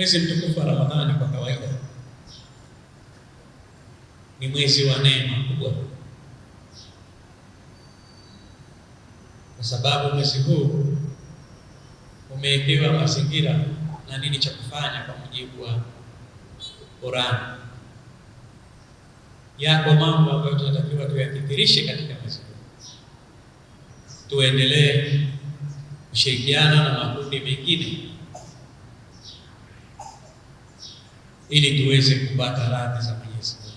Mwezi mtukufu wa Ramadhani kwa kawaida ni mwezi wa neema kubwa, kwa sababu mwezi huu umewekewa mazingira na nini cha kufanya kwa mujibu wa Qur'an. Yako mambo ambayo tunatakiwa tuyakithirishe katika mwezi huu, tuendelee kushirikiana na makundi mengine ili tuweze kupata radhi za Mwenyezi Mungu.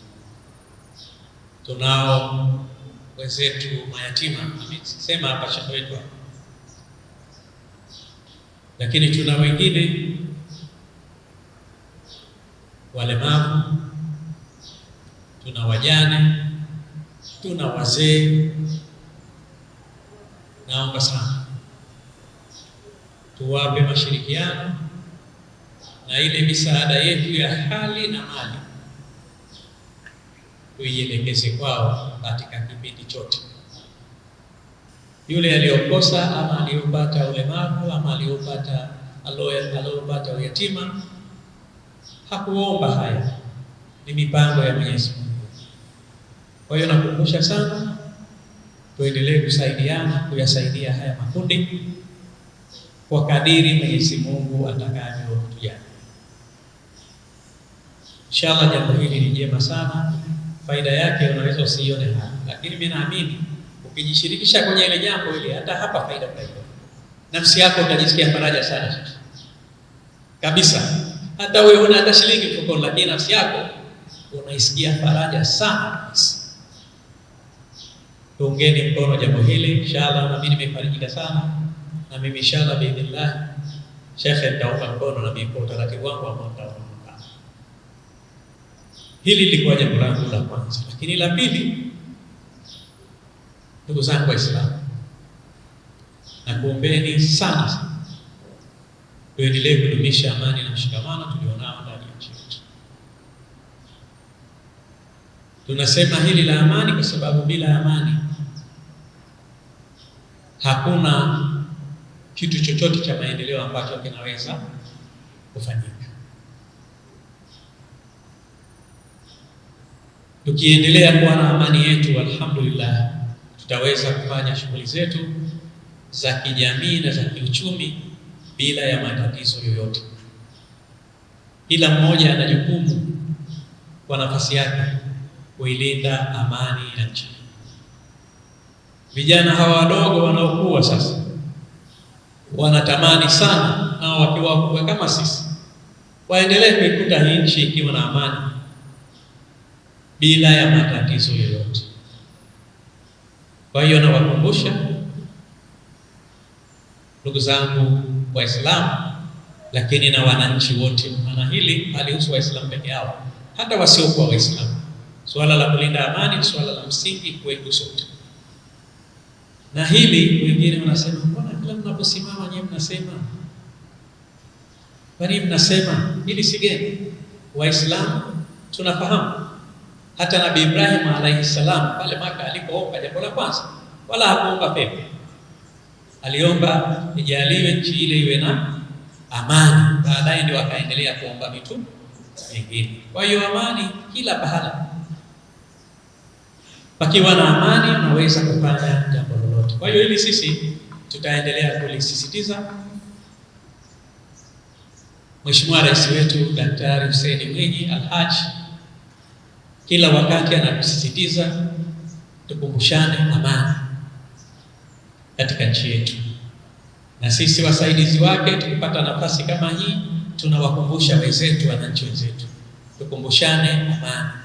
Tunao wenzetu mayatima, amesema hapa shekhe wetu, lakini tuna wengine walemavu, tuna wajane, tuna wazee. Naomba sana tuwape mashirikiano na ile misaada yetu ya hali na mali tuielekeze kwao katika kipindi chote. Yule aliyokosa ama aliyopata ulemavu ama aliyopata aliyopata uyatima hakuomba. Haya ni mipango ya Mwenyezi Mungu. Kwa hiyo nakumbusha sana, tuendelee kusaidiana kuyasaidia haya makundi kwa kadiri Mwenyezi Mungu atakavyotujalia. Inshallah, jambo hili ni jema sana, faida yake unaweza usione hapa, lakini mimi naamini ukijishirikisha kwenye ile jambo ile, hata hapa faida utaiona, nafsi yako utajisikia faraja sana kabisa. Hata wewe una hata shilingi mfukoni, lakini nafsi yako unaisikia faraja sana. Tuungeni mkono jambo hili inshallah, na mimi nimefarijika sana, na mimi inshallah biidhnillah, shekhe nitaunga mkono na mimi kwa utaratibu wangu Hili lilikuwa jambo langu la kwanza, lakini la pili, ndugu zangu Waislamu, nakuombeni sana sana tuendelee kudumisha amani na mshikamano tulionao ndani ya nchi yetu. Tunasema hili la amani kwa sababu bila amani hakuna kitu chochote cha maendeleo ambacho kinaweza kufanyika. Tukiendelea kuwa na amani yetu, alhamdulillah, tutaweza kufanya shughuli zetu za kijamii na za kiuchumi bila ya matatizo yoyote. Kila mmoja ana jukumu kwa nafasi yake kuilinda amani ya nchi. Vijana hawa wadogo wanaokuwa sasa wanatamani sana, au wakiwa kama sisi waendelee kuikuta hii nchi ikiwa na amani bila ya matatizo yoyote. Kwa hiyo nawakumbusha ndugu zangu Waislamu, lakini na wananchi wote, maana hili halihusu Waislamu peke yao, hata wasiokuwa Waislamu. Suala la kulinda amani ni suala la msingi kwetu sote, na hili wengine wanasema mbona kila mnaposimama nyewe mnasema kwani mnasema hili sigeni. Waislamu tunafahamu hata Nabii Ibrahim alayhi salam pale Maka alipoomba jambo la kwanza, wala hakuomba pepo, aliomba ijaliwe nchi ile iwe na amani. Baadaye ndio akaendelea kuomba vitu vingine. Kwa hiyo amani kila pahala, pakiwa na amani unaweza kupanda jambo lolote. Kwa hiyo hili sisi tutaendelea kulisisitiza. Mheshimiwa Rais wetu Daktari Hussein Mwinyi Alhaji kila wakati anatusisitiza tukumbushane amani katika nchi yetu, na sisi wasaidizi wake tukipata nafasi kama hii, tunawakumbusha wenzetu, wananchi wenzetu, tukumbushane amani.